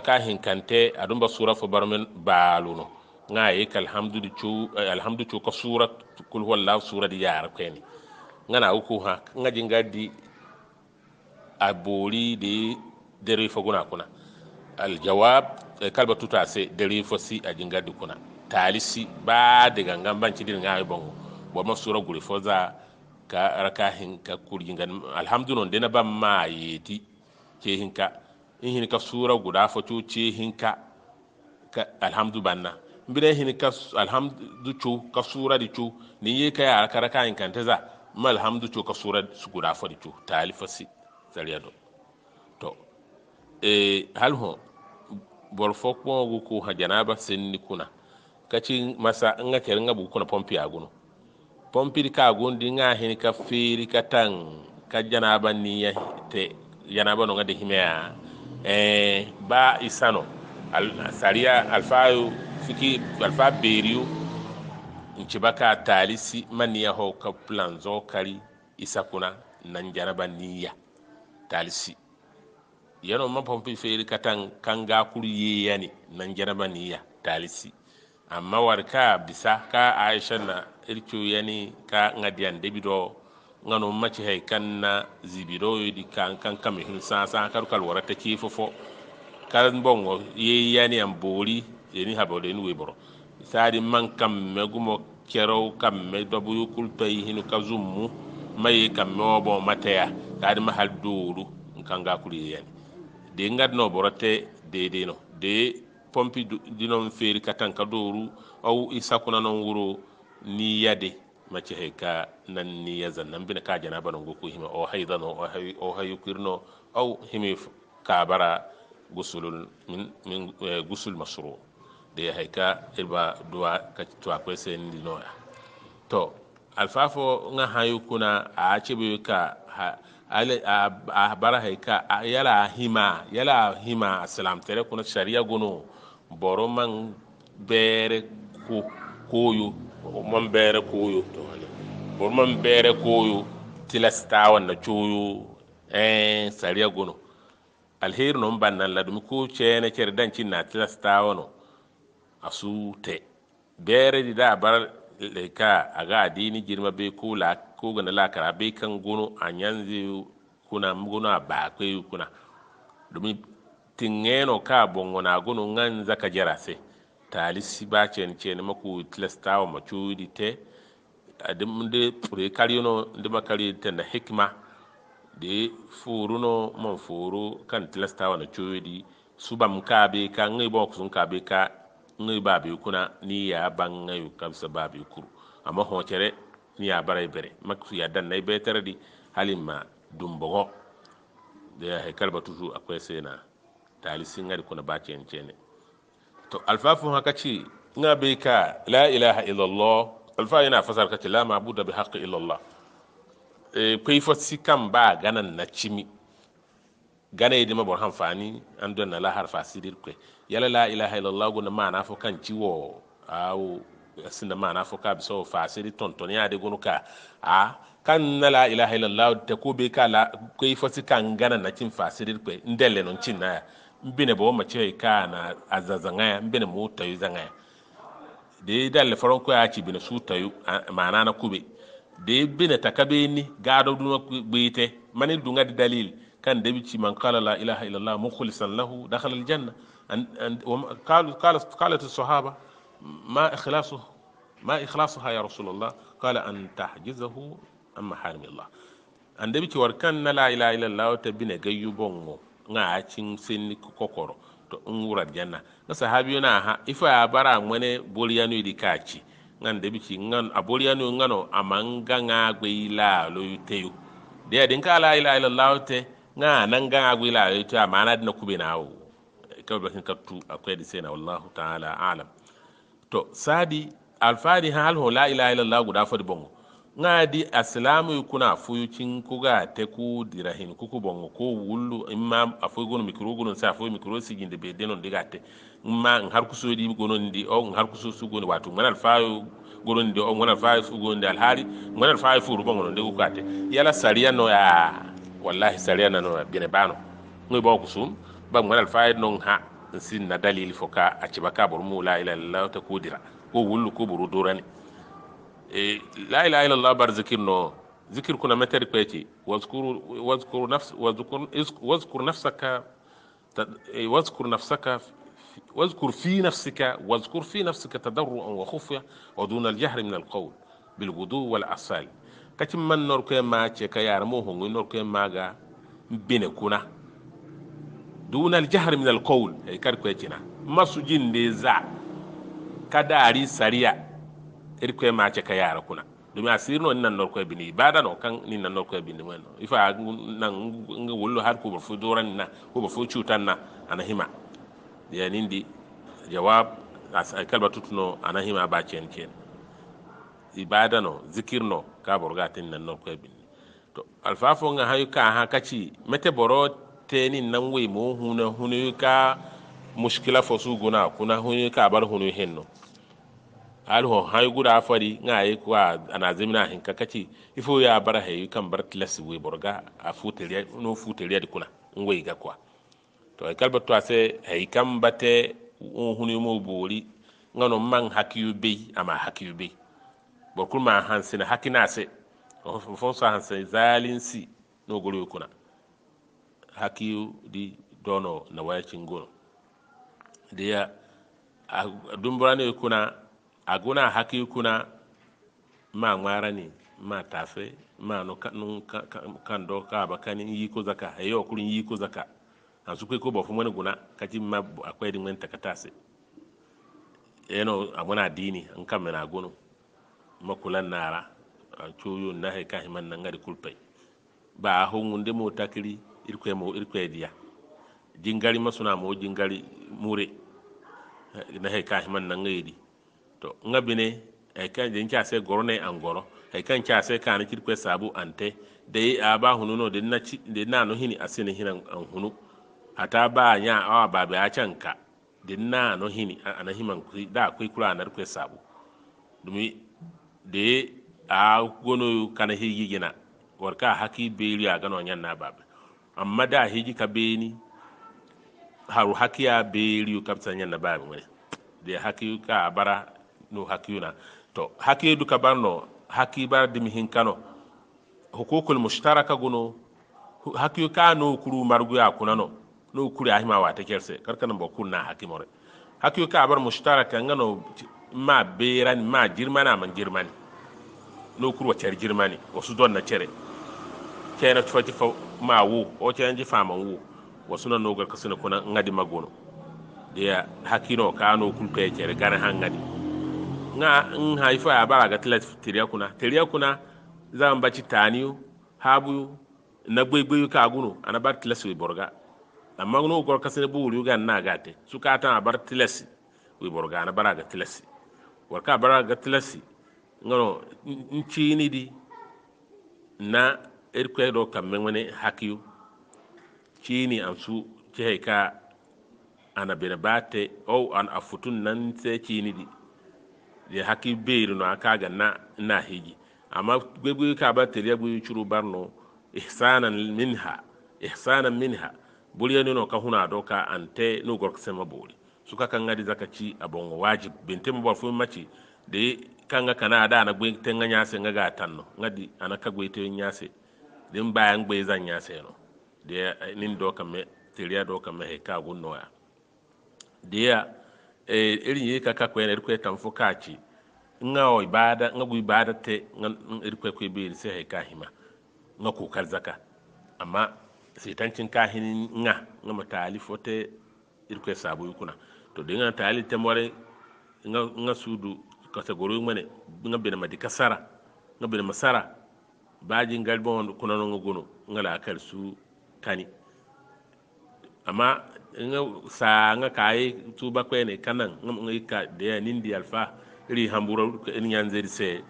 hin kante adun ba sura fo barmen baaluno nga yik ka di chu eh, alhamdu chu ko sura kul la sura di yar nga na uku ha nga jinga di abori di dere fo guna kuna aljawab eh, kalba tuta se dare fo si a jinga di kuna talisi ba daga ban ci dir nga yi bongo bo ma sura guri fo za ka hin ka kurjinga alhamdu non dena ba ma yi ti ke ka in hin ka sura guda fato ce hin ka alhamdu banna bida hin ka alhamdu co ka sura di cu ni ye ka ya kara ka in kanta za ma alhamdu co ka sura su guda fa di cu talifa si zariya do to eh hal ho bor fo ko go ko ha janaba sen ni kuna ka ci masa in ga kerin ga bukuna pompi a gunu pompi ka gun di nga hin ka firi ka tan ka janaba ni ya te janaba no ga de himea Eh, ba i al sariya alfayo fiki alfa beriyo nciba ka taalisi maniya ho ka planzo kari isakuna nan jaraba niya taalisi yano ma pompi feri katan kanga kuru yeyani nan jaraba niya taalisi amma war ka bisa ka aisha na irkiyo yani ka ngadiyan debido ngano macci hay kanna zibiroyoɗi kan kan kam hin sasa kadu kal warata kifo fo kala bongo yeyani yam boori eni haɓole en wiboro saadi man kam me gumo kerow kam me dobuyukul toyi hino ka zummu mayi kam me obo mateya saadi ma hal dowru kanga kul yeyani de gadno borote dedeno de pompi dinon feeri katan ka dowru o i sakuna non wuro ni yade mace haika ka nan ni ya zannan bin ka jana banan goku hima o hay o hay o hay kirno aw himi ka bara gusul min min e, gusul masru da ya ka ilba duwa ka tuwa sai ni linoya to alfafo nga hayu kuna a bi ka a bara haika yala hima yala hima salam tare kuna sharia gono boro man bere ko koyo man bere koyo to wala bor man bere koyo tilasta wanda coyo eh sariya gono alheri non bannan la dum ko cene cer dan cinna tilasta a su tɛ bere di da bar le ka aga adini girma be ko la ko gana la kara bɛ kan gono anyanzi kuna mgona ba kwe kuna dum tingeno ka bongo na gono ŋan zaka se. taalisi ba chen chen ma tilasta tilastawa ma cudi te adim de pure karino de ma kari te na hikima. de furu no man furu kan tilastawa na cudi subam ka bɛ ka ngai bo sun ka be ka ngai ba bɛ kuna ni ya ban ngai ka bisa ba be kuru amma cɛ dɛ ni ya bare ma maksu ya dan na nai betere di ma dumbogo da ya haikar batutu akwai sai na talisin ngari kuna ba chen ne. to alfafin haka ce ina bai ka la ilaha illallah alfa yana fasar kace la buda bi haqqi illallah e eh, kai fasi kan ba ganan na cimi gana yi dima burhan fani an don na lahar fasi kwe yala la ilaha illallah ma na fo kan ciwo awo ma na fo ka bi so fasiri tonton ya de gonu ka a kan na la ilaha illallah ta ko be ka la kai fasi kan ganan na cin fasidir kwe ndelle non cin na ya mbine bo ma ka na azazanga mbine mu tayu zanga de dalle faron ko ya ci bine su tayu maana na kube de bine takabe ni gado duma gbeete mani dunga di dalil kan de ci man qala la ilaha illallah mukhlisan lahu dakhala al janna قالوا قالت ma الصحابه ما اخلاصه ما اخلاصها an رسول الله قال ان تحجزه عن محارم الله kan توركن لا اله allah الله تبين gayyu bongo. nga a cin sinni kokoro to in wurar janna na sahabiyo na ha ifa ya bara ngwene boliyano di kaci ngan debici ngan a boliyano ngano amanga nga gwe la lo yuteyo de ya k'a la ila ila laute nga nan ga gwe ila ma amana dina kube na ka ba kin kattu akwai da sai na wallahu ta'ala alam to sadi alfadi hal ho la ila ila guda fadi bongo nga di asilamu kuna fuyu cin kuga te ku dirahin kuku bongo ko wulu imma afuyu gono mikro gono sa afuyu mikro si sigin de denon diga te imma in har kuso di gono ndi o in har kuso su gono wato ngana alfayo gono ndi o ngana alfayo su gono ndi alhari ngana alfayo furu bongo ndi kuka te yala saria no ya wallahi saria na no bine bano ngoy bo kusum ba ngana alfayo no ha sin na dalili foka a cibaka burmu la ilaha illallah ta kudira ko wulu ko buru dorani la ilaha illallah bar zikir نو ذكر كنا متر بيتي واذكر واذكر نفس واذكر واذكر نفسك إيه، واذكر نفسك واذكر في نفسك واذكر في نفسك تضرعا وخفيا ودون الجهر من القول بالغدو والعصال كتم من نورك ما تشك يا رموه نورك ما جا بينكنا دون الجهر من القول هي إيه، كويتنا ما سجين دي زا كداري سريع irkwe ma ce ka yara kuna domin dumi asirno nan norkwe bini bada no kan ni nan norkwe bini wani ifa nan nga wulu har ko bafu doran na ko bafu cutan na anahima ya nindi jawab kalba tutuno anahima ba cen cen ibada no zikir no ka borga tin nan norko bini to alfafo nga hayu ka ha kaci mete boro teni nan we mo huna hunu ka mushkila fosu guna kuna hunu ka bar hunu henno alho hay guda fari nga yi e ko ana zemina kakaci ifo ya bara he kan bar tilas we borga a futeriya no futeriya di kuna ngwe ga kwa to e kalba to ase he kan bate un huni mo bori ngano man hakiyu be ama hakiyu be ma hakina se no kuna hakiyu di dono na wayacin kuna aguna haki kuna ma ŋmarani ma tafe ma no kanu kando ka bakani yi ko zaka ayo kurin yi ko zaka an su ko bofu mun guna kati ma akwai din mun takatase eno amuna dini an kan mena gunu makulan nara a cuyo na he ka himan nan ngari kulpai ba ho ngunde mo takiri irkwe mo irkwe dia jingari masuna mo jingari mure na he ka himan nan ngari to nga bine e kan jin kya se gorne an goro e kan kya se kan kir kwe sabu ante de a ba hunu no de na de na no hini asini hinan an hunu ata ba nya a ba ba can ka de na no hini ana himan ku da ku kula na kwe sabu dumi de a gono kana higi gina ka haki ri a gano nyan na ba amma da higi ka ni haru hakiya beri kapta nyan na ba mai de hakiyu ka bara no hakiyuna to hakiyu duka barno haki bar dimi kano hukukul mushtaraka guno hakiyu ka no kuru margu ya kuna no n'o kuri ahima wa ta kerse karkanan ba kunna hakimore hakiyu ka bar mushtaraka ngano ma beran ma jirmana man jirmani no kuru wa cer jirmani wasu don na cere kena tufaji fa ma wo o cenji faman wo wasu na nogar kasina kuna ngadi magono dia hakino kano kulpe cere gana hangadi na n ha a ya bara ga tila teriya kuna teriya kuna za n baci taniyu habu na gbegbe ka guno ana bar tila wi borga amma no gor kasne bu wuri ga na ga su ka ta bar tila wi borga ana bara ga tila war ka bara ga tila ngano in nci ni di na irkwe do kamme wani hakiyu ci ni an su ce ka ana bene bate o an afutun nan sai ci ni di ya haki beeri no aka ga na na amma gbegbe ka ba teriya gbe churu barno ihsanan minha ihsanan minha buriya ne no ka huna doka ante no gork sema bori suka kan ngadi zakaci abon wajib bintim ba fu da kanga kana na tenga ngaga tanno ngadi anaka te din bayan gbe zan nyase no eh, nin doka me doka me ya e irin yi kaka kwe na irkwe tamfo kaci nga o ibada nga gu ibada te nga irkwe kwe be se he kahima nga ku kar zaka amma sitancin kahini nga nga matali fote irkwe sabu yukuna to de nga tali te more nga nga sudu kasa goro mane nga bena madi kasara nga bena masara baji ngal bon kuna no ngono nga la kar su kani amma nga sa nga kai tuba ko ne kanan nga ka de nin di alfa ri hamburo ni yanze se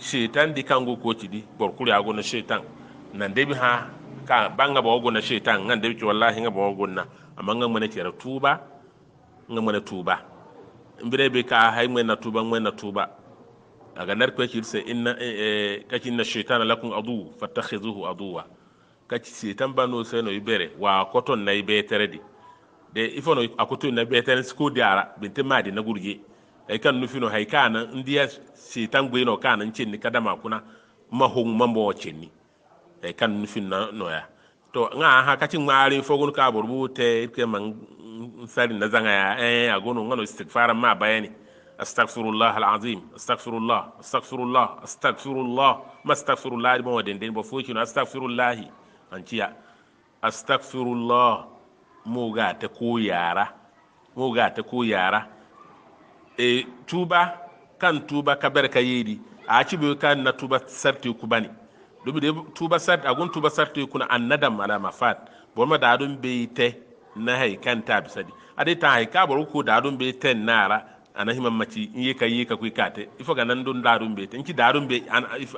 shetan di kango ko ti di borkuri ago na shetan nan bi ha ka banga ba ago na shetan nan debi wallahi nga ba ago na amma nga mane tira tuba nga mane tuba mbire be ka hay mane tuba mane tuba aga nar ko ki se inna e, e, kaki na shetan lakum adu fattakhizuhu aduwa kaki shetan bano sai no ibere wa koton na ibe tere di de ifono akoto na beten school diara binte madi na gurge e kan nufino hay kana ndiya sitan gwe kana ncin ni kada makuna mahon mambo cheni e kan nufin na ya to nga ha kacin ngari gun ka burbu te ke man sari na zanga ya e agono ngano istighfar ma bayani astaghfirullah alazim astaghfirullah astaghfirullah astaghfirullah ma astaghfirullah mo den den bo fuki no astaghfirullah anchiya astaghfirullah moga ta ko yara ko e tuba kan tuba ka bar ka yedi a ci bi kan na tuba sarti ku bani dubi da tuba sarti gun tuba sarti na annadam ala mafat bon ma dadun bai te na hay kan ta bisadi dai ta hay ka bor ko dadun na te nara na himan maci in ye ka ye ka ku kate ifa ga nan don dadun bai te in ki dadun be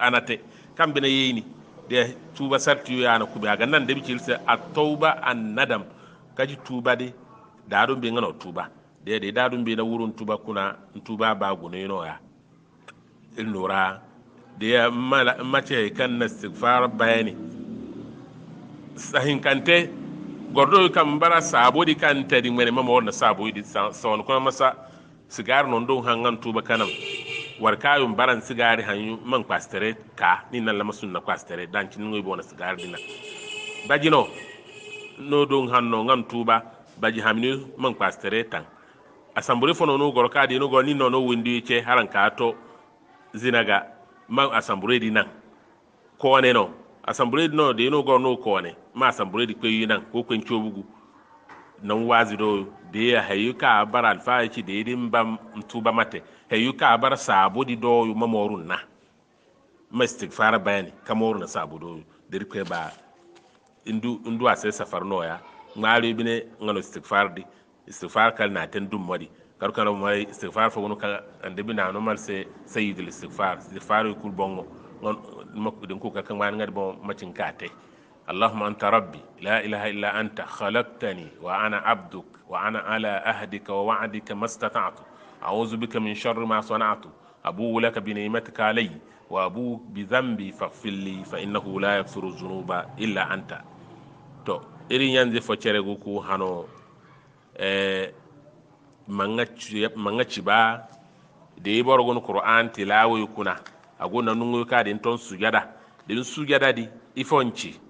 anate kan bina ni da tuba sarti ya yana ku ga nan da bi kilse at-tauba annadam kaji tuba de darun bi ngana tuba de de darun bi na wurun tuba kuna tuba ba gune no ya in lura de mace kan na istighfar bayani sahin kante gordo kan bara sabo di kante di mene mama wonna sabo di son kuma masa sigar non don hangan tuba kanam war kayum baran sigari hanyu man pastere ka ni nan lama sunna pastere dan kin ngoy bona sigar dina bajino no don n'o ngam tuba baji hamini man pastere tan asambure fono no gor kadi no gor ni no no windi che haran ka to zinaga ma asambure di nan ko ne no asambure di no de no gor no ko ne ma asambure di kwe nan ko kwen chobugu nan wazi do de ya hayu ka bara alfa ci de din bam tuba mate hayu ka bara sabo di do yu mamorun na mastik fara bayani kamorun na sabo do dir kwe ba indu indu ase safar no ya ngari bine ngano istighfar di istighfar kal na ten dum mari karu kala mo istighfar fo ka ande bina no mal se sayyidul istighfar istighfar kul bongo ngon makko den ko ka kan ngade ngad bon macin kate اللهم أنت ربي لا إله إلا أنت خلقتني وأنا عبدك وأنا على أهدك ووعدك ما استطعت أعوذ بك من شر ما صنعت أبو لك بنعمتك علي وأبو بذنبي فاغفر لي فإنه لا يغفر الذنوب إلا أنت to iri yanzu fo ceregu ku hano eh, manga ciba da yi borgon qur'an tilawoyi kuna agona nungo ka din ton sujada din sujada di ifonci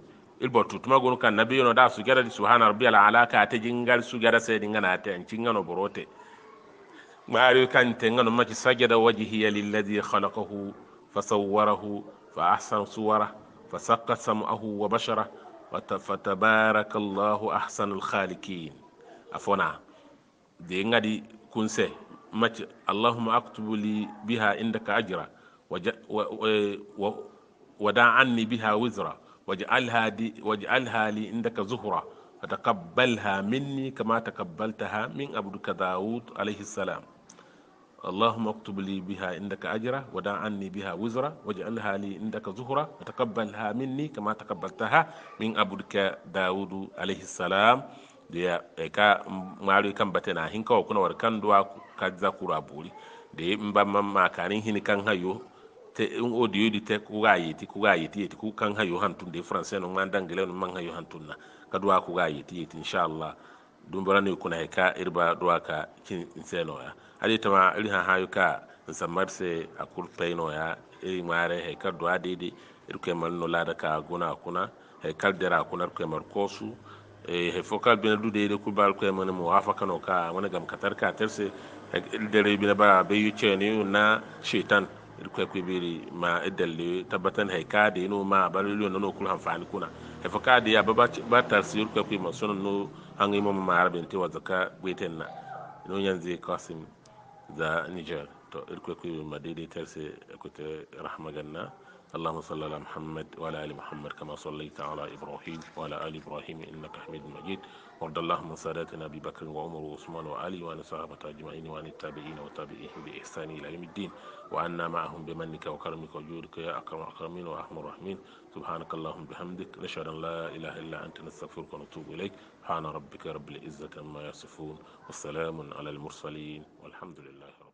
ilbo tutuma gon kan na nabi yono da sujada di subhana rabbiyal ala ka ta jingal sujada sai dinga na ta cin ngano borote mari kan te ngano maki sajada wajhi lilladhi khalaqahu fasawwarahu fa ahsana suwara fa saqqa sam'ahu wa bashara فتبارك الله أحسن الخالقين أفونا دي غادي كونسي ماتش اللهم أكتب لي بها عندك أجرا ودع عني بها وزرا واجعلها دي واجعلها لي عندك زهرا فتقبلها مني كما تقبلتها من عبدك داود عليه السلام اللهم اكتب biha inda eh, ka أجرا wajen عني بها وزرا واجعلها لي عندك زهرا وتقبلها مني كما تقبلتها من عبدك داود عليه السلام da ka mari kan batena hin kawo kuna war kan duwa ka za ku raburi da ya in ba makarin hin kan hayo te in odiyo di te ku ga yiti ku ga yiti ku kan hayo hantun da france no man dangile no man na ka duwa ku ga yiti yiti insha Allah dun bara ne kuna ka irba duwaka ka kin seno ya adi tama iri ha hayu ka nsamarse akur peino ya iri mare he kar do adidi iri ke man lada ka guna e, kuna he kar dera kuna ke mar kosu he fokal bin du de ku bal ke man mu afaka no ka man gam katar ka terse dere bi ba be yu cheni na shaitan iri ke ku biri ma edalle tabatan he ka de no ma bal lu no kul hanfani kuna he foka de ya ba ba tarsi iri ke ku ma sono no hangi mo ma arabin ti wazaka beten na no yanzu kasim za niger to irkwe ku ma sai ku ta rahama ganna اللهم صل على محمد وعلى ال محمد كما صليت على ابراهيم وعلى ال ابراهيم انك حميد مجيد وارض اللهم عن سادتنا ابي بكر وعمر وعثمان وعلي وعن الصحابه اجمعين وعن التابعين وتابعيهم باحسان الى يوم الدين وعنا معهم بمنك وكرمك وجودك يا اكرم الاكرمين وارحم الراحمين سبحانك اللهم بحمدك نشهد ان لا اله الا انت نستغفرك ونتوب اليك سبحان ربك رب العزه عما يصفون والسلام على المرسلين والحمد لله رب